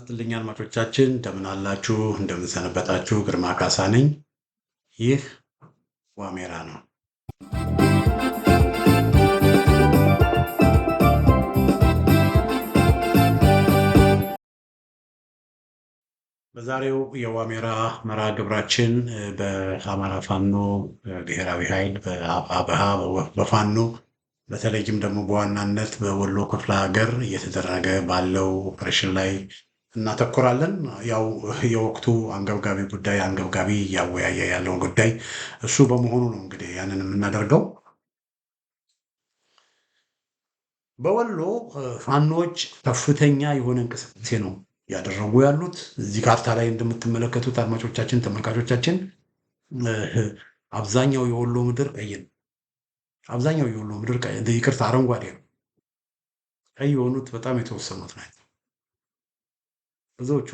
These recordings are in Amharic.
ይስጥልኝ አድማጮቻችን፣ እንደምን አላችሁ? ግርማ ካሳ ነኝ። ይህ ዋሜራ ነው። በዛሬው የዋሜራ መርሃ ግብራችን በአማራ ፋኖ ብሔራዊ ኃይል በአብሃ በፋኖ በተለይም ደግሞ በዋናነት በወሎ ክፍለ ሀገር እየተደረገ ባለው ኦፕሬሽን ላይ እናተኩራለን። ያው የወቅቱ አንገብጋቢ ጉዳይ አንገብጋቢ እያወያየ ያለውን ጉዳይ እሱ በመሆኑ ነው እንግዲህ ያንን የምናደርገው። በወሎ ፋኖች ከፍተኛ የሆነ እንቅስቃሴ ነው ያደረጉ ያሉት። እዚህ ካርታ ላይ እንደምትመለከቱት አድማጮቻችን፣ ተመልካቾቻችን አብዛኛው የወሎ ምድር ቀይ ነው። አብዛኛው የወሎ ምድር ይቅርታ፣ አረንጓዴ ነው። ቀይ የሆኑት በጣም የተወሰኑት ናቸው። ብዙዎቹ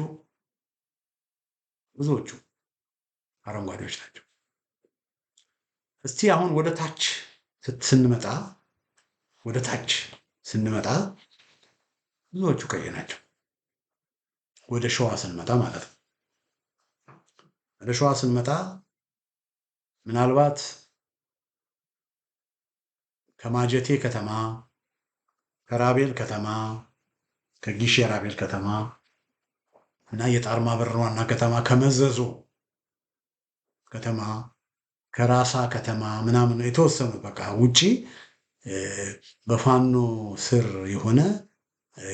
ብዙዎቹ አረንጓዴዎች ናቸው። እስቲ አሁን ወደ ታች ስንመጣ ወደ ታች ስንመጣ ብዙዎቹ ቀይ ናቸው። ወደ ሸዋ ስንመጣ ማለት ነው። ወደ ሸዋ ስንመጣ ምናልባት ከማጀቴ ከተማ ከራቤል ከተማ ከጊሼ ራቤል ከተማ እና የጣርማ በር ዋና ከተማ ከመዘዞ ከተማ ከራሳ ከተማ ምናምን የተወሰኑ በቃ ውጪ በፋኖ ስር የሆነ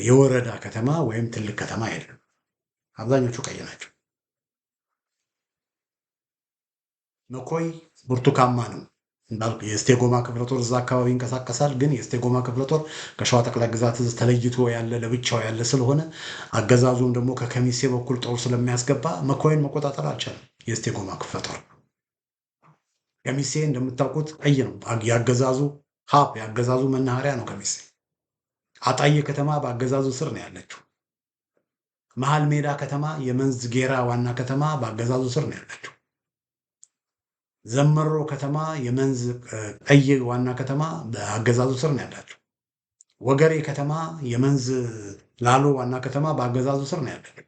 የወረዳ ከተማ ወይም ትልቅ ከተማ የለም። አብዛኞቹ ቀይ ናቸው። መኮይ ብርቱካማ ነው። እንዳልኩ የስቴጎማ ክፍለ ጦር እዛ አካባቢ ይንቀሳቀሳል። ግን የስቴጎማ ክፍለ ጦር ከሸዋ ጠቅላይ ግዛት እዝ ተለይቶ ያለ ለብቻው ያለ ስለሆነ አገዛዙም ደግሞ ከከሚሴ በኩል ጦር ስለሚያስገባ መኮይን መቆጣጠር አልቻለም። የስቴጎማ ክፍለ ጦር ከሚሴ እንደምታውቁት ቀይ ነው። የአገዛዙ ሀብ የአገዛዙ መናኸሪያ ነው። ከሚሴ አጣዬ ከተማ በአገዛዙ ስር ነው ያለችው። መሀል ሜዳ ከተማ የመንዝ ጌራ ዋና ከተማ በአገዛዙ ስር ነው ያለችው። ዘመሮ ከተማ የመንዝ ቀይ ዋና ከተማ በአገዛዙ ስር ነው ያላቸው። ወገሬ ከተማ የመንዝ ላሎ ዋና ከተማ በአገዛዙ ስር ነው ያለችው።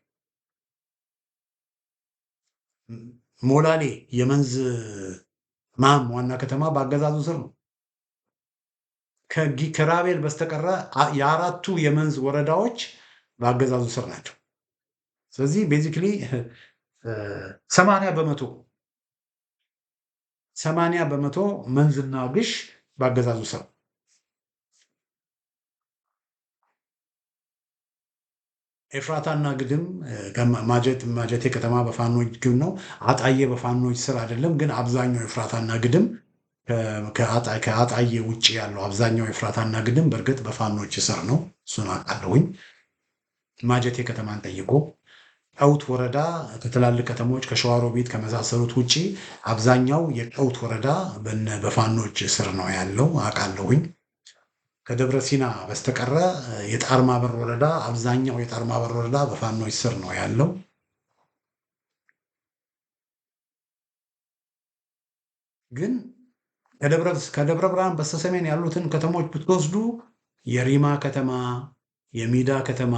ሞላሌ የመንዝ ማም ዋና ከተማ በአገዛዙ ስር ነው። ከራቤል በስተቀረ የአራቱ የመንዝ ወረዳዎች በአገዛዙ ስር ናቸው። ስለዚህ ቤዚክሊ ሰማንያ በመቶ ሰማንያ በመቶ መንዝና ግሽ ባገዛዙ ስር ኤፍራታና ግድም ማጀቴ ከተማ በፋኖች ግብ ነው። አጣዬ በፋኖች ስር አይደለም፣ ግን አብዛኛው ኤፍራታና ግድም ከአጣዬ ውጭ ያለው አብዛኛው ኤፍራታና ግድም በእርግጥ በፋኖች ስር ነው። እሱን አውቃለሁኝ። ማጀቴ ከተማን ጠይቆ ቀውት ወረዳ ከትላልቅ ከተሞች ከሸዋሮ ቤት ከመሳሰሉት ውጭ አብዛኛው የቀውት ወረዳ በፋኖች ስር ነው ያለው አውቃለሁኝ። ከደብረ ሲና በስተቀረ የጣር ማበር ወረዳ አብዛኛው የጣርማ በር ወረዳ በፋኖች ስር ነው ያለው። ግን ከደብረ ብርሃን በስተሰሜን ያሉትን ከተሞች ብትወስዱ የሪማ ከተማ፣ የሚዳ ከተማ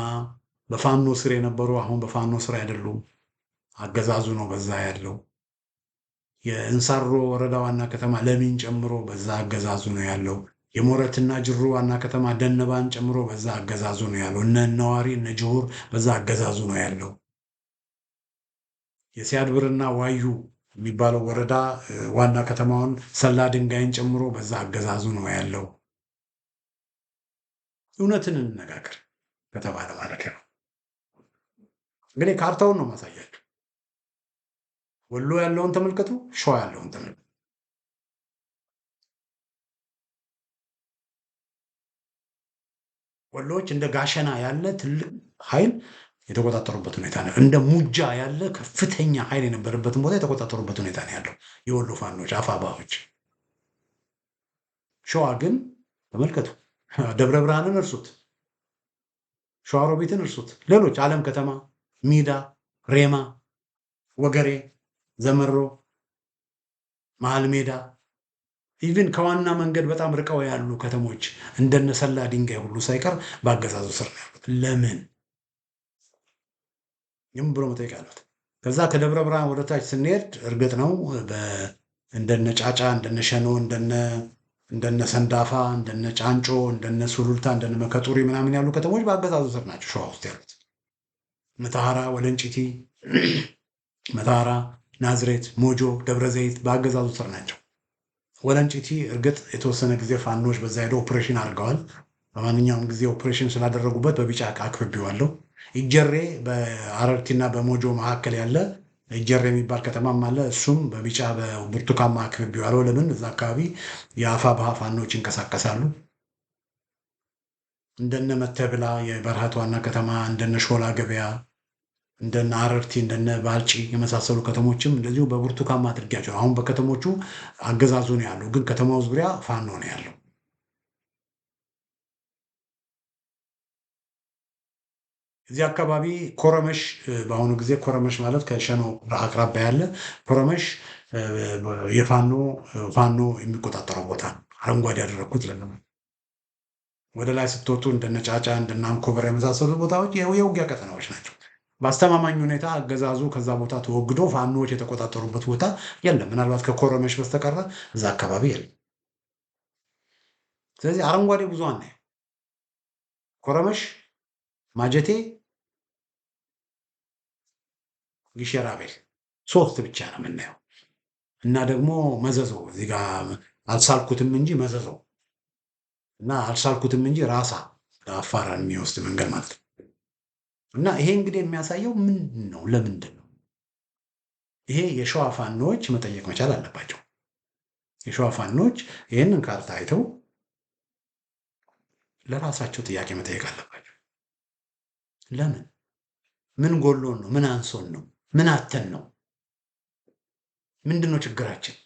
በፋኖ ስር የነበሩ አሁን በፋኖ ስር አይደሉም። አገዛዙ ነው በዛ ያለው። የእንሳሮ ወረዳ ዋና ከተማ ለሚን ጨምሮ በዛ አገዛዙ ነው ያለው። የሞረትና ጅሩ ዋና ከተማ ደነባን ጨምሮ በዛ አገዛዙ ነው ያለው። እነ ነዋሪ እነ ጅሁር በዛ አገዛዙ ነው ያለው። የሲያድብርና ዋዩ የሚባለው ወረዳ ዋና ከተማውን ሰላ ድንጋይን ጨምሮ በዛ አገዛዙ ነው ያለው። እውነትን እንነጋገር ከተባለ ማለት ነው። እንግዲህ ካርታውን ነው ማሳያቸው። ወሎ ያለውን ተመልከቱ፣ ሸዋ ያለውን ተመልከቱ። ወሎዎች እንደ ጋሸና ያለ ትልቅ ኃይል የተቆጣጠሩበት ሁኔታ ነው። እንደ ሙጃ ያለ ከፍተኛ ኃይል የነበረበትን ቦታ የተቆጣጠሩበት ሁኔታ ነው ያለው የወሎ ፋኖች አፋባዎች። ሸዋ ግን ተመልከቱ፣ ደብረ ብርሃንን እርሱት፣ ሸዋሮቢትን እርሱት፣ ሌሎች አለም ከተማ ሚዳ፣ ሬማ፣ ወገሬ፣ ዘመሮ፣ መሀል ሜዳ ኢቭን ከዋና መንገድ በጣም ርቀው ያሉ ከተሞች እንደነሰላ ድንጋይ ሁሉ ሳይቀር በአገዛዙ ስር ያሉት። ለምን ይም ብሎ መጠየቅ ያሉት። ከዛ ከደብረ ብርሃን ወደ ታች ስንሄድ እርግጥ ነው እንደነ ጫጫ፣ እንደነ ሸኖ፣ እንደነ ሰንዳፋ፣ እንደነ ጫንጮ፣ እንደነ ሱሉልታ፣ እንደነ መከጡሪ ምናምን ያሉ ከተሞች በአገዛዙ ስር ናቸው ሸዋ ውስጥ ያሉት። መታራ፣ ወለንጭቲ፣ መተሐራ፣ ናዝሬት፣ ሞጆ፣ ደብረ ዘይት በአገዛዙ ስር ናቸው። ወለንጭቲ እርግጥ የተወሰነ ጊዜ ፋኖች በዛ ሄደው ኦፕሬሽን አድርገዋል። በማንኛውም ጊዜ ኦፕሬሽን ስላደረጉበት በቢጫ አክብቤዋለሁ። ኢጀሬ በአረርቲና በሞጆ መካከል ያለ ጀሬ የሚባል ከተማም አለ። እሱም በቢጫ በብርቱካማ አክብቤዋለሁ። ለምን እዛ አካባቢ የአፋ ባህ ፋኖች ይንቀሳቀሳሉ። እንደነ መተብላ የበረሃት ዋና ከተማ፣ እንደነ ሾላ ገበያ፣ እንደነ አረርቲ፣ እንደነ ባልጪ የመሳሰሉ ከተሞችም እንደዚሁ በብርቱካን አድርጊያቸው። አሁን በከተሞቹ አገዛዙ ነው ያለው፣ ግን ከተማው ዙሪያ ፋኖ ነው ያለው። እዚህ አካባቢ ኮረመሽ በአሁኑ ጊዜ ኮረመሽ ማለት ከሸኖ አቅራቢያ ያለ ኮረመሽ የፋኖ ፋኖ የሚቆጣጠረው ቦታ አረንጓዴ ያደረግኩት ለለም ወደ ላይ ስትወጡ እንደ ነጫጫ እንደነ አንኮበር የመሳሰሉ ቦታዎች የውጊያ ቀጠናዎች ናቸው። በአስተማማኝ ሁኔታ አገዛዙ ከዛ ቦታ ተወግዶ ፋኖዎች የተቆጣጠሩበት ቦታ የለም፣ ምናልባት ከኮረመሽ በስተቀረ እዛ አካባቢ የለም። ስለዚህ አረንጓዴ ብዙ አናየ ኮረመሽ፣ ማጀቴ፣ ግሸራቤል ሶስት ብቻ ነው የምናየው እና ደግሞ መዘዞ እዚህ አልሳልኩትም እንጂ መዘዞ እና አልቻልኩትም እንጂ ራሳ ለአፋራን የሚወስድ መንገድ ማለት ነው። እና ይሄ እንግዲህ የሚያሳየው ምንድን ነው? ለምንድን ነው ይሄ? የሸዋ መጠየቅ መቻል አለባቸው። የሸዋ ፋኖች ይህንን ካርታ አይተው ለራሳቸው ጥያቄ መጠየቅ አለባቸው። ለምን? ምን ጎሎን ነው? ምን አንሶን ነው? ምን አተን ነው? ምንድን ነው ችግራችን?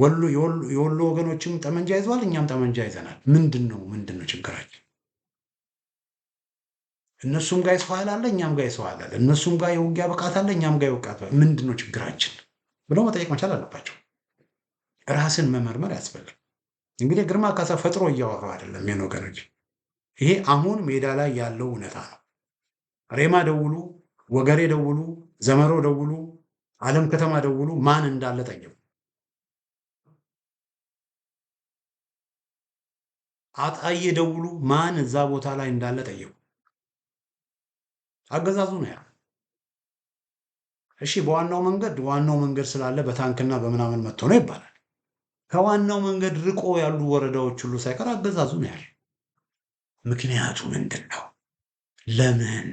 ወሎ የወሎ ወገኖችም ጠመንጃ ይዘዋል፣ እኛም ጠመንጃ ይዘናል። ምንድን ነው ምንድን ነው ችግራችን? እነሱም ጋር የሰው ኃይል አለ፣ እኛም ጋር የሰው ኃይል አለ። እነሱም ጋር የውጊያ ብቃት አለ፣ እኛም ጋር የውቃት ምንድን ነው ችግራችን ብለው መጠየቅ መቻል አለባቸው። ራስን መመርመር ያስፈልግ። እንግዲህ ግርማ ካሳ ፈጥሮ እያወራው አይደለም ይህን ወገኖች፣ ይሄ አሁን ሜዳ ላይ ያለው እውነታ ነው። ሬማ ደውሉ፣ ወገሬ ደውሉ፣ ዘመሮ ደውሉ፣ አለም ከተማ ደውሉ፣ ማን እንዳለ ጠየቁ። አጣዬ ደውሉ ማን እዛ ቦታ ላይ እንዳለ ጠየቁ። አገዛዙ ነው ያ። እሺ በዋናው መንገድ ዋናው መንገድ ስላለ በታንክና በምናምን መጥቶ ነው ይባላል። ከዋናው መንገድ ርቆ ያሉ ወረዳዎች ሁሉ ሳይቀር አገዛዙ ነው ያል። ምክንያቱ ምንድን ነው ለምን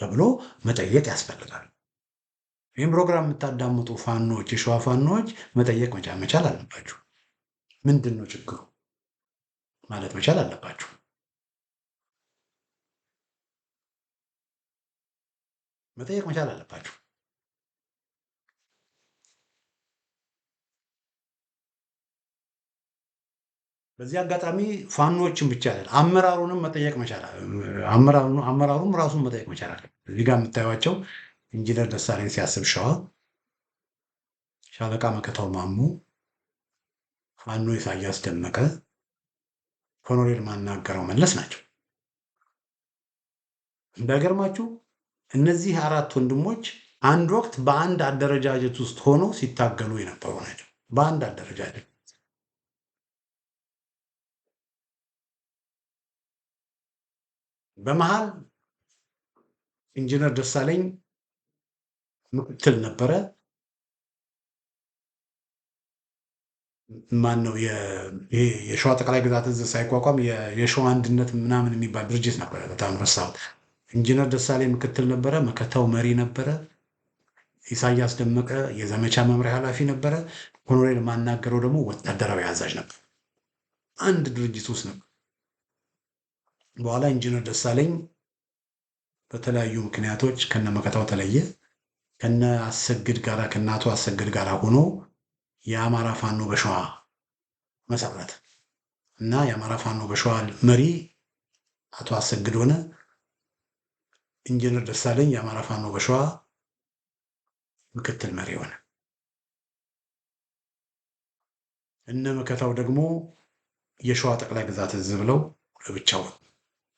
ተብሎ መጠየቅ ያስፈልጋል። ይህም ፕሮግራም የምታዳምጡ ፋኖች የሸዋ ፋኖዎች መጠየቅ መቻል አለባችሁ። ምንድን ነው ችግሩ? ማለት መቻል አለባችሁ። መጠየቅ መቻል አለባችሁ። በዚህ አጋጣሚ ፋኖችን ብቻ ያለ አመራሩንም መጠየቅ መቻል አመራሩም ራሱን መጠየቅ መቻል አለ። እዚህ ጋር የምታዩቸው ኢንጂነር ደሳለኝ ሲያስብ ሸዋ፣ ሻለቃ መከታው ማሙ፣ ፋኖ ኢሳያስ ደመቀ ሆኖሬል ማናገረው መለስ ናቸው። እንዳይገርማችሁ እነዚህ አራት ወንድሞች አንድ ወቅት በአንድ አደረጃጀት ውስጥ ሆነው ሲታገሉ የነበሩ ናቸው። በአንድ አደረጃጀት በመሃል ኢንጂነር ደሳለኝ ምክትል ነበረ። ማን ነው የሸዋ ጠቅላይ ግዛት እዝ ሳይቋቋም የሸዋ አንድነት ምናምን የሚባል ድርጅት ነበረ። በጣም ረሳሁት። ኢንጂነር ደሳሌ ምክትል ነበረ፣ መከታው መሪ ነበረ፣ ኢሳያስ ደመቀ የዘመቻ መምሪያ ኃላፊ ነበረ፣ ኮሎኔል ማናገረው ደግሞ ወታደራዊ አዛዥ ነበር። አንድ ድርጅት ውስጥ ነበር። በኋላ ኢንጂነር ደሳለኝ በተለያዩ ምክንያቶች ከነ መከታው ተለየ። ከነ አሰግድ ጋራ ከነ አቶ አሰግድ ጋራ ሆኖ የአማራ ፋኖ በሸዋ መሰረት እና የአማራ ፋኖ በሸዋ መሪ አቶ አሰግድ ሆነ ኢንጂነር ደሳለኝ የአማራ ፋኖ በሸዋ ምክትል መሪ ሆነ። እነ መከታው ደግሞ የሸዋ ጠቅላይ ግዛት እዝ ብለው ለብቻው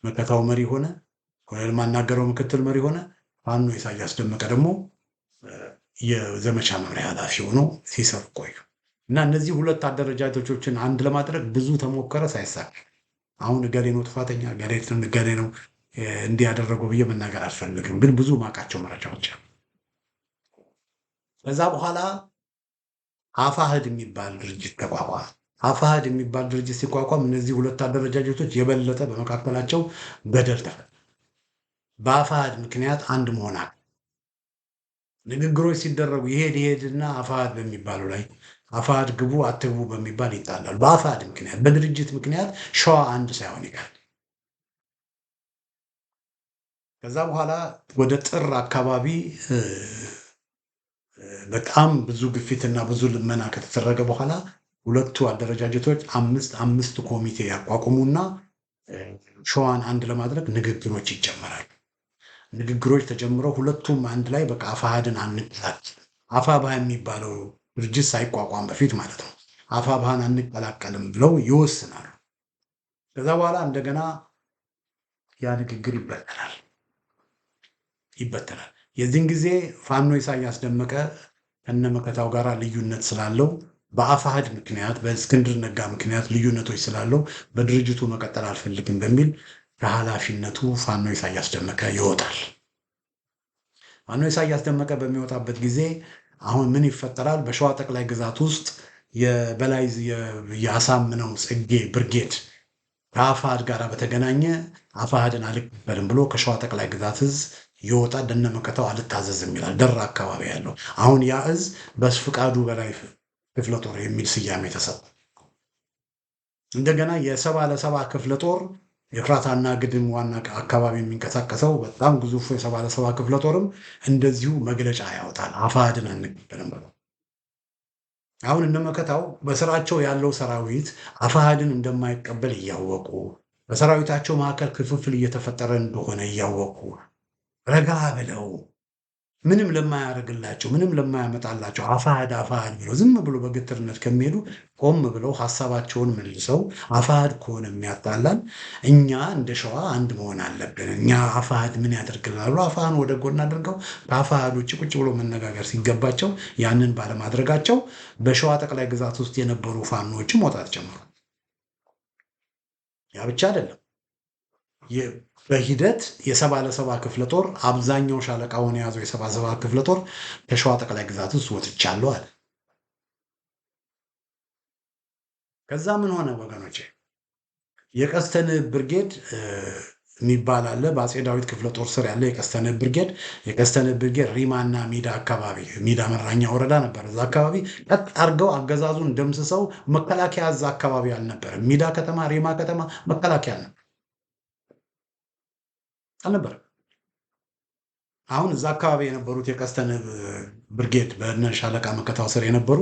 መከታው መሪ ሆነ። ኮሎኔል ማናገረው ምክትል መሪ ሆነ። ፋኖ ኢሳያስ ደመቀ ደግሞ የዘመቻ መምሪያ ኃላፊ ሆኖ ሲሰሩ ቆዩ እና እነዚህ ሁለት አደረጃጀቶችን አንድ ለማድረግ ብዙ ተሞከረ፣ ሳይሳካ አሁን እገሌ ነው ጥፋተኛ፣ እገሌ ነው እንዲህ ያደረገው ብዬ መናገር አልፈልግም፣ ግን ብዙ ማቃቸው መረጃዎች አሉ። ከዛ በኋላ አፋህድ የሚባል ድርጅት ተቋቋመ። አፋህድ የሚባል ድርጅት ሲቋቋም እነዚህ ሁለት አደረጃጀቶች የበለጠ በመካከላቸው በደል ተፈጠረ። በአፋህድ ምክንያት አንድ መሆን ንግግሮች ሲደረጉ ይሄድ ይሄድና አፋሃድ በሚባለው ላይ አፋሃድ ግቡ አትግቡ በሚባል ይጣላሉ። በአፋሃድ ምክንያት በድርጅት ምክንያት ሸዋ አንድ ሳይሆን ይቃል። ከዛ በኋላ ወደ ጥር አካባቢ በጣም ብዙ ግፊትና ብዙ ልመና ከተደረገ በኋላ ሁለቱ አደረጃጀቶች አምስት አምስት ኮሚቴ ያቋቁሙና ሸዋን አንድ ለማድረግ ንግግሮች ይጀመራሉ። ንግግሮች ተጀምረው ሁለቱም አንድ ላይ በቃ አፋሃድን አንቀላቅል አፋብሃ የሚባለው ድርጅት ሳይቋቋም በፊት ማለት ነው። አፋባህን አንቀላቀልም ብለው ይወስናሉ። ከዛ በኋላ እንደገና ያ ንግግር ይበተናል ይበተናል። የዚህን ጊዜ ፋኖ ኢሳያስ ደመቀ መከታው ጋር ልዩነት ስላለው በአፋሃድ ምክንያት በእስክንድር ነጋ ምክንያት ልዩነቶች ስላለው በድርጅቱ መቀጠል አልፈልግም በሚል ከኃላፊነቱ ፋኖ ኢሳያስ ደመቀ ይወጣል። ፋኖ ኢሳያስ ደመቀ በሚወጣበት ጊዜ አሁን ምን ይፈጠራል? በሸዋ ጠቅላይ ግዛት ውስጥ የበላይ የአሳምነው ጽጌ ብርጌድ ከአፋሃድ ጋር በተገናኘ አፋሃድን አልቀበልም ብሎ ከሸዋ ጠቅላይ ግዛት እዝ ይወጣ ደነመከተው አልታዘዝም ይላል። ደራ አካባቢ ያለው አሁን ያ እዝ በስፍቃዱ በላይ ክፍለ ጦር የሚል ስያሜ ተሰጠ። እንደገና የሰባ ለሰባ ክፍለ ጦር የፍራታና ግድም ዋና አካባቢ የሚንቀሳቀሰው በጣም ግዙፉ የሰባ ለሰባ ክፍለ ጦርም እንደዚሁ መግለጫ ያወጣል። አፋድን አንቀበልም ብለው አሁን እንደመከታው በስራቸው ያለው ሰራዊት አፋሃድን እንደማይቀበል እያወቁ በሰራዊታቸው መካከል ክፍፍል እየተፈጠረ እንደሆነ እያወቁ ረጋ ብለው ምንም ለማያደርግላቸው ምንም ለማያመጣላቸው አፋሃድ አፋሃድ ብለው ዝም ብሎ በግትርነት ከሚሄዱ ቆም ብለው ሀሳባቸውን መልሰው አፋሃድ ከሆነ የሚያጣላን እኛ እንደ ሸዋ አንድ መሆን አለብን። እኛ አፋሃድ ምን ያደርግላሉ? አፋሃን ወደ ጎን አድርገው ከአፋሃድ ቁጭ ብሎ መነጋገር ሲገባቸው ያንን ባለማድረጋቸው በሸዋ ጠቅላይ ግዛት ውስጥ የነበሩ ፋኖዎችም መውጣት ጀምሯል። ያ ብቻ አይደለም። በሂደት የሰባ ለሰባ ክፍለ ጦር አብዛኛው ሻለቃውን የያዘው የሰባ ሰባ ክፍለ ጦር ከሸዋ ጠቅላይ ግዛት ውስጥ ወጥቻለሁ አለ። ከዛ ምን ሆነ ወገኖቼ? የቀስተን ብርጌድ የሚባል አለ። በአጼ ዳዊት ክፍለ ጦር ስር ያለ የቀስተን ብርጌድ የቀስተን ብርጌድ ሪማና ሚዳ አካባቢ ሚዳ መራኛ ወረዳ ነበር። እዛ አካባቢ ቀጥ አድርገው አገዛዙን ደምስሰው መከላከያ እዛ አካባቢ አልነበረ። ሚዳ ከተማ፣ ሪማ ከተማ መከላከያ አልነበር አልነበረም። አሁን እዛ አካባቢ የነበሩት የቀስተንብ ብርጌድ በነ ሻለቃ መከታው ስር የነበሩ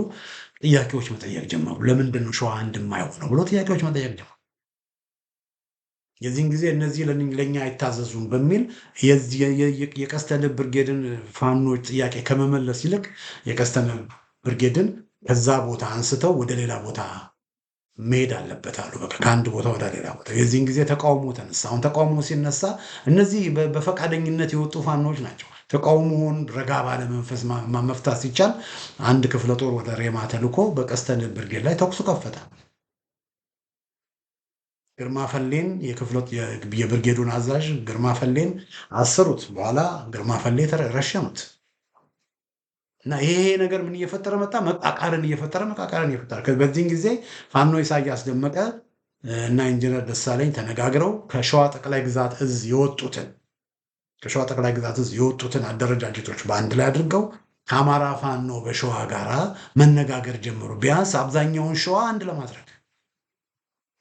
ጥያቄዎች መጠየቅ ጀመሩ። ለምንድን ነው ሸዋ እንድማየው ነው ብሎ ጥያቄዎች መጠየቅ ጀመሩ። የዚህን ጊዜ እነዚህ ለእኛ አይታዘዙም በሚል የቀስተንብ ብርጌድን ፋኖች ጥያቄ ከመመለስ ይልቅ የቀስተንብ ብርጌድን ከዛ ቦታ አንስተው ወደ ሌላ ቦታ መሄድ አለበት አሉ። በቃ ከአንድ ቦታ ወደ ሌላ ቦታ። የዚህን ጊዜ ተቃውሞ ተነሳ። አሁን ተቃውሞ ሲነሳ እነዚህ በፈቃደኝነት የወጡ ፋኖች ናቸው። ተቃውሞውን ረጋ ባለ መንፈስ መፍታት ሲቻል አንድ ክፍለ ጦር ወደ ሬማ ተልኮ በቀስተን ብርጌድ ላይ ተኩሱ ከፈተ። ግርማ ፈሌን የብርጌዱን አዛዥ ግርማ ፈሌን አሰሩት። በኋላ ግርማ ፈሌ ረሸኑት። እና ይሄ ነገር ምን እየፈጠረ መጣ? መቃቃርን እየፈጠረ መቃቃርን እየፈጠረ በዚህን ጊዜ ፋኖ ኢሳያስ ደመቀ እና ኢንጂነር ደሳለኝ ተነጋግረው ከሸዋ ጠቅላይ ግዛት እዝ የወጡትን ከሸዋ ጠቅላይ ግዛት እዝ የወጡትን አደረጃጀቶች በአንድ ላይ አድርገው ከአማራ ፋኖ በሸዋ ጋራ መነጋገር ጀምሩ፣ ቢያንስ አብዛኛውን ሸዋ አንድ ለማድረግ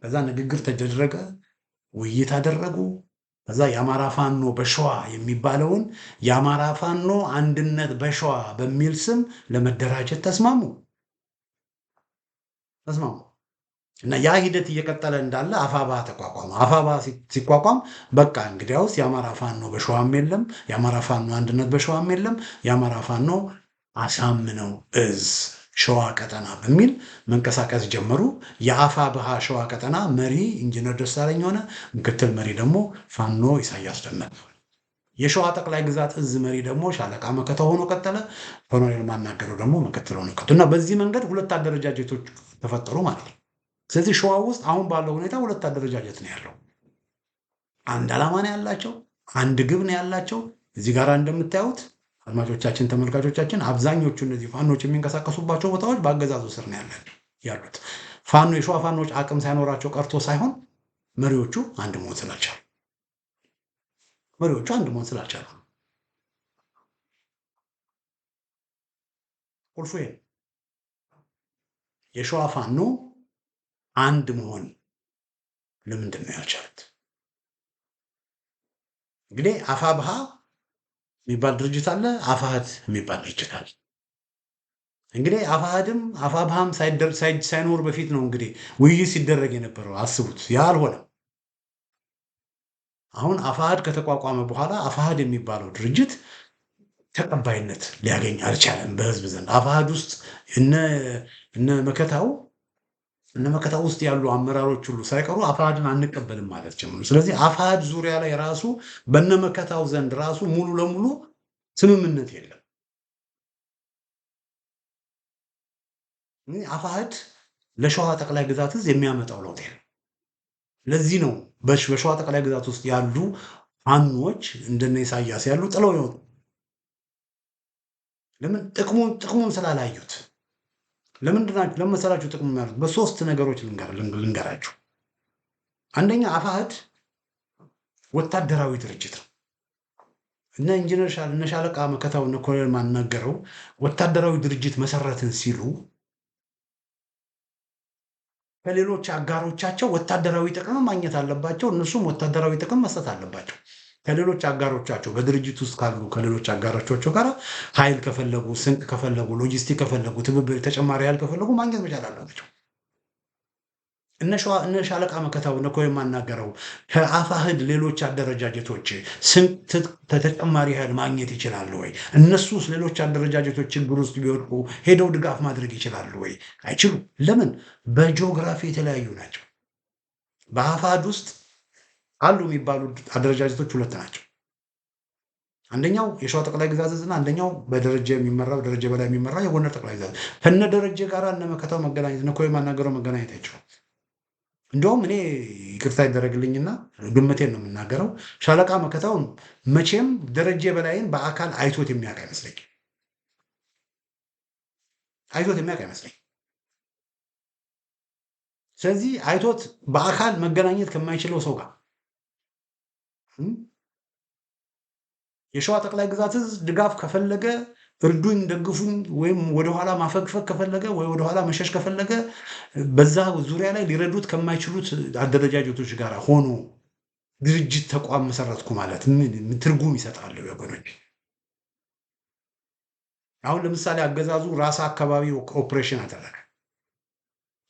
ከዛ ንግግር ተደረገ፣ ውይይት አደረጉ። ከዛ የአማራ ፋኖ በሸዋ የሚባለውን የአማራ ፋኖ አንድነት በሸዋ በሚል ስም ለመደራጀት ተስማሙ ተስማሙ እና ያ ሂደት እየቀጠለ እንዳለ አፋባ ተቋቋመ። አፋባ ሲቋቋም በቃ እንግዲያውስ የአማራ ፋኖ በሸዋም የለም፣ የአማራ ፋኖ አንድነት በሸዋም የለም፣ የአማራ ፋኖ አሳምነው እዝ ሸዋ ቀጠና በሚል መንቀሳቀስ ጀመሩ። የአፋ ብሃ ሸዋ ቀጠና መሪ ኢንጂነር ደሳለኝ ሆነ። ምክትል መሪ ደግሞ ፋኖ ኢሳያስ ደመት። የሸዋ ጠቅላይ ግዛት እዝ መሪ ደግሞ ሻለቃ መከተ ሆኖ ቀጠለ። ኮሎኔል ማናገሩ ደግሞ ምክትል ሆኖ ቀጠለ እና በዚህ መንገድ ሁለት አደረጃጀቶች ተፈጠሩ ማለት ነው። ስለዚህ ሸዋ ውስጥ አሁን ባለው ሁኔታ ሁለት አደረጃጀት ነው ያለው። አንድ ዓላማ ነው ያላቸው፣ አንድ ግብ ነው ያላቸው። እዚህ ጋር እንደምታዩት አድማጮቻችን፣ ተመልካቾቻችን አብዛኞቹ እነዚህ ፋኖች የሚንቀሳቀሱባቸው ቦታዎች በአገዛዙ ስር ነው ያሉት። ፋኖ የሸዋ ፋኖች አቅም ሳይኖራቸው ቀርቶ ሳይሆን መሪዎቹ አንድ መሆን ስላልቻሉ መሪዎቹ አንድ መሆን ስላልቻሉ ቁልፉ የሸዋ ፋኖ አንድ መሆን ለምንድን ነው ያልቻሉት? እንግዲህ አፋብሃ የሚባል ድርጅት አለ፣ አፋሃድ የሚባል ድርጅት አለ። እንግዲህ አፋሃድም አፋብሃም ሳይኖር በፊት ነው እንግዲህ ውይይት ሲደረግ የነበረው አስቡት። ያ አልሆነም። አሁን አፋሃድ ከተቋቋመ በኋላ አፋሃድ የሚባለው ድርጅት ተቀባይነት ሊያገኝ አልቻለም በህዝብ ዘንድ። አፋሃድ ውስጥ እነ መከታው እነ መከታ ውስጥ ያሉ አመራሮች ሁሉ ሳይቀሩ አፋድን አንቀበልም ማለት ጀምሩ። ስለዚህ አፋድ ዙሪያ ላይ ራሱ በነመከታው ዘንድ ራሱ ሙሉ ለሙሉ ስምምነት የለም። አፋድ ለሸዋ ጠቅላይ ግዛት እዝ የሚያመጣው ለውጥ የለም። ለዚህ ነው በሸዋ ጠቅላይ ግዛት ውስጥ ያሉ ፋኖች እንደነ ኢሳያስ ያሉ ጥለው ይወጡ። ለምን? ጥቅሙን ስላላዩት ለምንድናችሁ ለመሰላችሁ ጥቅም የሚያሉት በሶስት ነገሮች ልንገራችሁ። አንደኛ አፋህድ ወታደራዊ ድርጅት ነው። እነ ኢንጂነር እነ ሻለቃ መከታው እነ ኮሎኔል ማናገረው ወታደራዊ ድርጅት መሰረትን ሲሉ ከሌሎች አጋሮቻቸው ወታደራዊ ጥቅም ማግኘት አለባቸው። እነሱም ወታደራዊ ጥቅም መስጠት አለባቸው። ከሌሎች አጋሮቻቸው በድርጅት ውስጥ ካሉ ከሌሎች አጋሮቻቸው ጋር ኃይል ከፈለጉ ስንቅ ከፈለጉ ሎጂስቲክ ከፈለጉ ትብብር ተጨማሪ ኃይል ከፈለጉ ማግኘት መቻል አለባቸው። እነ ሻለቃ መከታው ነኮ የማናገረው ከአፋህድ ሌሎች አደረጃጀቶች ስንቅ ተጨማሪ ኃይል ማግኘት ይችላሉ ወይ? እነሱስ ሌሎች አደረጃጀቶች ችግር ውስጥ ቢወድቁ ሄደው ድጋፍ ማድረግ ይችላሉ ወይ? አይችሉም። ለምን? በጂኦግራፊ የተለያዩ ናቸው። በአፋሕድ ውስጥ አሉ የሚባሉ አደረጃጀቶች ሁለት ናቸው። አንደኛው የሸዋ ጠቅላይ ግዛት እዝ እና አንደኛው በደረጀ የሚመራ ደረጀ በላይ የሚመራ የጎንደር ጠቅላይ ግዛት ከነ ደረጀ ጋር እነ መከታው መገናኘት እነ ኮይማ መገናኘት አይችሉም። እንዲሁም እኔ ይቅርታ ይደረግልኝና ግምቴን ነው የምናገረው። ሻለቃ መከታውን መቼም ደረጀ በላይን በአካል አይቶት የሚያውቅ አይመስለኝ አይቶት የሚያውቅ አይመስለኝ። ስለዚህ አይቶት በአካል መገናኘት ከማይችለው ሰው ጋር የሸዋ ጠቅላይ ግዛት ድጋፍ ከፈለገ እርዱኝ፣ ደግፉኝ ወይም ወደኋላ ማፈግፈግ ከፈለገ ወይ ወደኋላ መሸሽ ከፈለገ በዛ ዙሪያ ላይ ሊረዱት ከማይችሉት አደረጃጀቶች ጋር ሆኖ ድርጅት ተቋም መሰረትኩ ማለት ምን ትርጉም ይሰጣል ወገኖች? አሁን ለምሳሌ አገዛዙ ራስ አካባቢ ኦፕሬሽን አደረገ።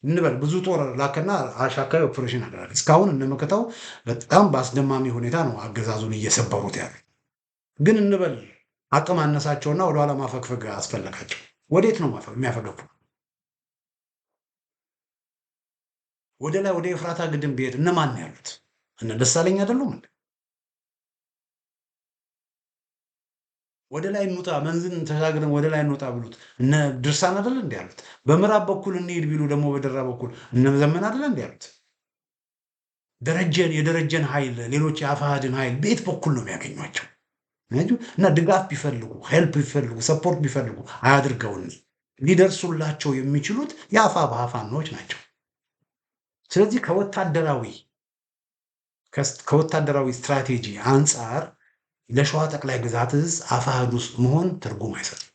እንበል ብዙ ጦር ላከና አሻካይ ኦፕሬሽን አደረገ። እስካሁን እነመከታው በጣም በአስደማሚ ሁኔታ ነው አገዛዙን እየሰበሩት ያለ። ግን እንበል አቅም አነሳቸውና ወደኋላ ማፈግፈግ አስፈለጋቸው። ወዴት ነው የሚያፈገፉ? ወደ ላይ ወደ ኤፍራታ ግድም ብሄድ እነማን ያሉት? እነ ደሳለኝ አይደሉም? ወደ ላይ እንውጣ፣ መንዝን ተሻግረን ወደ ላይ እንውጣ ብሉት እነ ድርሳን አደለ እንዲ ያሉት። በምዕራብ በኩል እንሄድ ቢሉ ደግሞ በደራ በኩል እነ ዘመን አይደለ እንዲ ያሉት። ደረጀን የደረጀን ኃይል ሌሎች የአፋሃድን ኃይል ቤት በኩል ነው የሚያገኟቸው? እና ድጋፍ ቢፈልጉ ሄልፕ ቢፈልጉ ሰፖርት ቢፈልጉ አያድርገውን ሊደርሱላቸው የሚችሉት የአፋ ባፋኖች ናቸው። ስለዚህ ከወታደራዊ ከወታደራዊ ስትራቴጂ አንጻር ለሸዋ ጠቅላይ ግዛት እዝ ውስጥ መሆን ትርጉም አይሰጥም።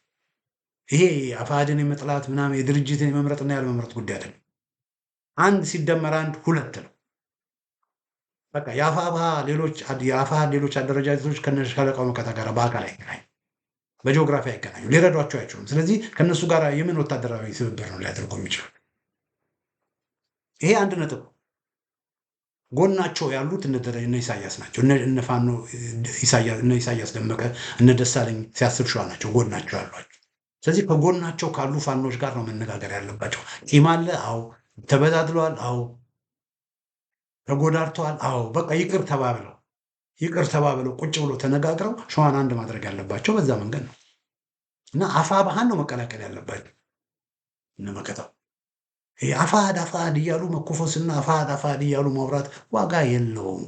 ይሄ አፋሃድን የመጥላት ምናምን የድርጅትን የመምረጥና ያለመምረጥ ጉዳይ አይደለም። አንድ ሲደመር አንድ ሁለት ነው። በቃ የአፋባ ሌሎች አደረጃጀቶች ከነሻለቃው መከታ ጋር በአካል አይገናኙ፣ በጂኦግራፊ አይገናኙ፣ ሊረዷቸው አይችሉም። ስለዚህ ከነሱ ጋር የምን ወታደራዊ ትብብር ነው ሊያደርጉ የሚችሉ? ይሄ አንድ ነጥብ ጎናቸው ያሉት እነ ኢሳያስ ናቸው። እነ ፋኖ እነ ኢሳያስ ደመቀ እነ ደሳለኝ ሲያስብ ሸዋ ናቸው ጎናቸው ያሏቸው። ስለዚህ ከጎናቸው ካሉ ፋኖች ጋር ነው መነጋገር ያለባቸው። ቂም አለ? አዎ። ተበዳድለዋል? አዎ። ተጎዳድተዋል? አዎ። በቃ ይቅር ተባብለው ይቅር ተባብለው ቁጭ ብሎ ተነጋግረው ሸዋን አንድ ማድረግ ያለባቸው በዛ መንገድ ነው እና አፋ ባህን ነው መቀላቀል ያለባቸው እነ መከታው አፋድ አፋድ እያሉ መኮፈስና አፋድ አፋድ እያሉ ማውራት ዋጋ የለውም።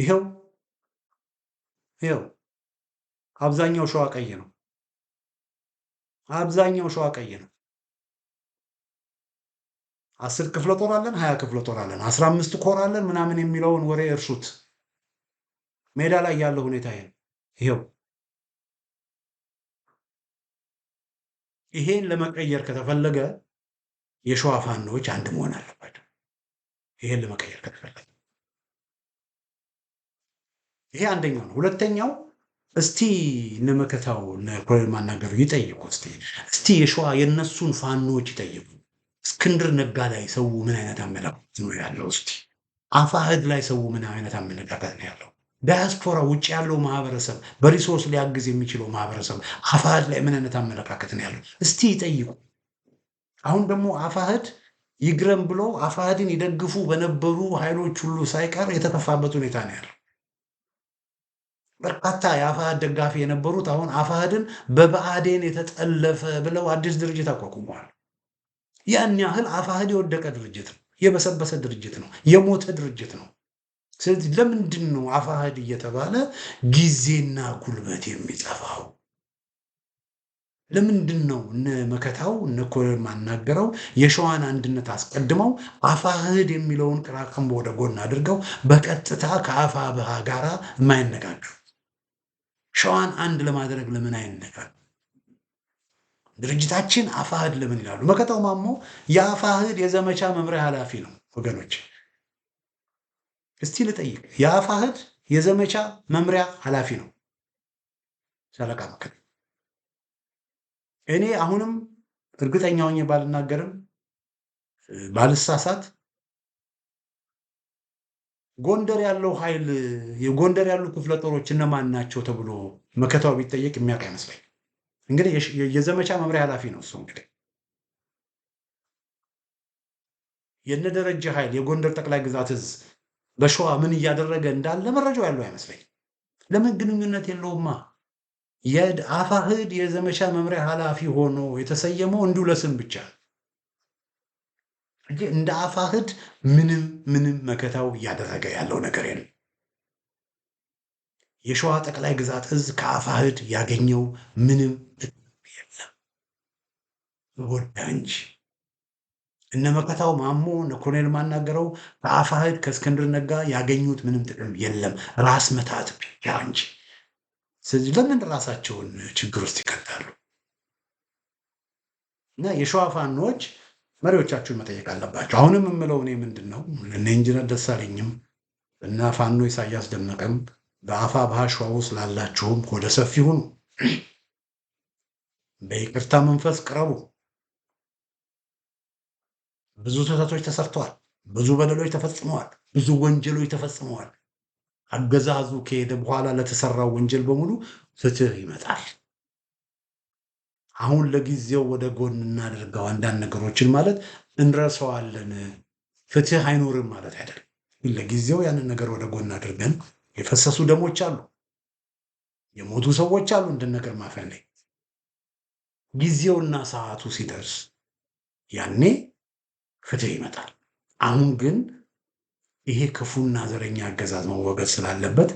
ይኸው ይኸው አብዛኛው ሸዋ ቀይ ነው። አብዛኛው ሸዋ ቀይ ነው። አስር ክፍለ ጦር አለን፣ ሀያ ክፍለ ጦር አለን፣ አስራ አምስት ኮር አለን ምናምን የሚለውን ወሬ እርሱት። ሜዳ ላይ ያለው ሁኔታ ይሄ ይኸው ይሄን ለመቀየር ከተፈለገ የሸዋ ፋኖዎች አንድ መሆን አለባቸው። ይሄን ለመቀየር ከተፈለገ ይሄ አንደኛው ነው። ሁለተኛው እስቲ እነመከታው ኮሎኔል ማናገሩ ይጠይቁ። ስ እስቲ የሸዋ የእነሱን ፋኖዎች ይጠይቁ። እስክንድር ነጋ ላይ ሰው ምን አይነት አመለካከት ነው ያለው? እስቲ አፋህድ ላይ ሰው ምን አይነት አመለካከት ነው ያለው? ዳያስፖራ ውጭ ያለው ማህበረሰብ፣ በሪሶርስ ሊያግዝ የሚችለው ማህበረሰብ አፋህድ ላይ ምን አይነት አመለካከት ነው ያለው? እስቲ ይጠይቁ። አሁን ደግሞ አፋህድ ይግረም ብሎ አፋህድን ይደግፉ በነበሩ ኃይሎች ሁሉ ሳይቀር የተተፋበት ሁኔታ ነው ያለው። በርካታ የአፋህድ ደጋፊ የነበሩት አሁን አፋህድን በብአዴን የተጠለፈ ብለው አዲስ ድርጅት አቋቁመዋል። ያን ያህል አፋህድ የወደቀ ድርጅት ነው፣ የበሰበሰ ድርጅት ነው፣ የሞተ ድርጅት ነው። ስለዚህ ለምንድን ነው አፋህድ እየተባለ ጊዜና ጉልበት የሚጠፋው? ለምንድን ነው እነ መከታው እነ ኮለል ማናገረው የሸዋን አንድነት አስቀድመው አፋህድ የሚለውን ቅራቅንቦ ወደ ጎን አድርገው በቀጥታ ብሃ ጋራ የማይነጋገሩ ሸዋን አንድ ለማድረግ ለምን አይነጋገሩ? ድርጅታችን አፋህድ ለምን ይላሉ? መከታው ማሞ የአፋህድ የዘመቻ መምሪያ ኃላፊ ነው። ወገኖች እስቲ ልጠይቅ፣ የአፋህድ የዘመቻ መምሪያ ኃላፊ ነው ሻለቃ መከታ እኔ አሁንም እርግጠኛ ሆኜ ባልናገርም ባልሳሳት ጎንደር ያለው ኃይል የጎንደር ያሉ ክፍለ ጦሮች እነማን ናቸው ተብሎ መከታው ቢጠየቅ የሚያውቅ አይመስለኝ። እንግዲህ የዘመቻ መምሪያ ኃላፊ ነው እሱ። እንግዲህ የነደረጀ ኃይል የጎንደር ጠቅላይ ግዛት እዝ በሸዋ ምን እያደረገ እንዳለ መረጃው ያለው አይመስለኝ። ለምን ግንኙነት የለውማ? የአፋህድ የዘመቻ መምሪያ ኃላፊ ሆኖ የተሰየመው እንዲሁ ለስም ብቻ እንጂ እንደ አፋህድ ምንም ምንም መከታው እያደረገ ያለው ነገር የለም። የሸዋ ጠቅላይ ግዛት እዝ ከአፋህድ ያገኘው ምንም የለም ወዳ እንጂ እነ መከታው ማሞ እነ ኮሎኔል ማናገረው ከአፋህድ ከእስክንድር ነጋ ያገኙት ምንም ጥቅም የለም። ራስ መታት ብቻ እንጂ ስለዚህ ለምን ራሳቸውን ችግር ውስጥ ይከታሉ? እና የሸዋ ፋኖዎች መሪዎቻችሁን መጠየቅ አለባቸው። አሁንም የምለው እኔ ምንድን ነው እነ ኢንጂነር ደሳለኝም እና ፋኖ ኢሳያስ ደመቀም በአፋ ባህ ሸዋ ውስጥ ላላችሁም ወደ ሰፊ ሁኑ፣ በይቅርታ መንፈስ ቅረቡ። ብዙ ስህተቶች ተሰርተዋል። ብዙ በደሎች ተፈጽመዋል። ብዙ ወንጀሎች ተፈጽመዋል። አገዛዙ ከሄደ በኋላ ለተሰራው ወንጀል በሙሉ ፍትህ ይመጣል። አሁን ለጊዜው ወደ ጎን እናደርገው አንዳንድ ነገሮችን ማለት እንረሰዋለን፣ ፍትህ አይኖርም ማለት አይደለም። ለጊዜው ያንን ነገር ወደ ጎን አድርገን የፈሰሱ ደሞች አሉ፣ የሞቱ ሰዎች አሉ። እንድን ነገር ማፈን ላይ ጊዜውና ሰዓቱ ሲደርስ ያኔ ፍትህ ይመጣል። አሁን ግን ይሄ ክፉና ዘረኛ አገዛዝ መወገድ ስላለበት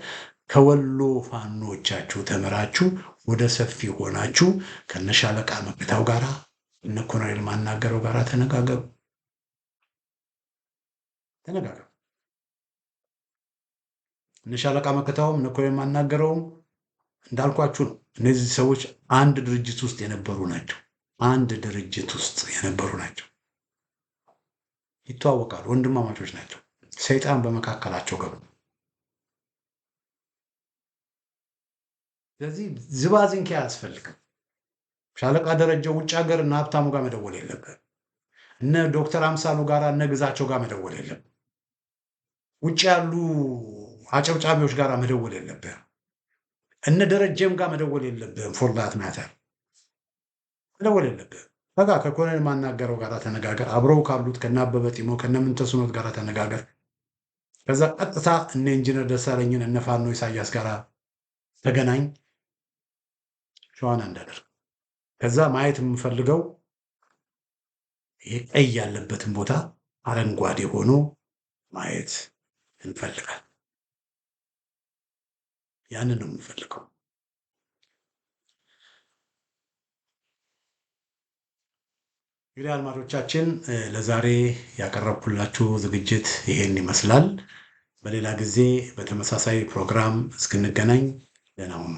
ከወሎ ፋኖቻችሁ ተምራችሁ ወደ ሰፊ ሆናችሁ ከነሻለቃ መከታው ጋር እነ ኮሎኔል ማናገረው ጋር ተነጋገሩ ተነጋገሩ። እነሻለቃ መክታውም እነ ኮሎኔል ማናገረውም እንዳልኳችሁ ነው። እነዚህ ሰዎች አንድ ድርጅት ውስጥ የነበሩ ናቸው። አንድ ድርጅት ውስጥ የነበሩ ናቸው። ይተዋወቃሉ። ወንድማማቾች ናቸው። ሰይጣን በመካከላቸው ገብ ስለዚህ ዝባዝንኪ አያስፈልግም። ሻለቃ ደረጃ ውጭ ሀገር እነ ሀብታሙ ጋር መደወል የለብን። እነ ዶክተር አምሳሉ ጋር እነ ግዛቸው ጋር መደወል የለብን። ውጭ ያሉ አጨብጫቢዎች ጋር መደወል የለብን። እነ ደረጀም ጋር መደወል የለብህም። ፎርላት ማተር መደወል የለብህም። በቃ ከኮሎኔል ማናገረው ጋር ተነጋገር። አብረው ካሉት ከነ አበበ ጢሞ ከነ ምንተስኖት ጋር ተነጋገር። ከዛ ቀጥታ እነ ኢንጂነር ደሳለኝን እነ ፋኖ ኢሳያስ ጋር ተገናኝ ሸዋን እንዳደርግ ከዛ ማየት የምፈልገው ይሄ ቀይ ያለበትን ቦታ አረንጓዴ ሆኖ ማየት እንፈልጋል። ያንን ነው የምንፈልገው። እንግዲህ አድማጮቻችን ለዛሬ ያቀረብኩላችሁ ዝግጅት ይሄን ይመስላል። በሌላ ጊዜ በተመሳሳይ ፕሮግራም እስክንገናኝ ደህና ሁኑ።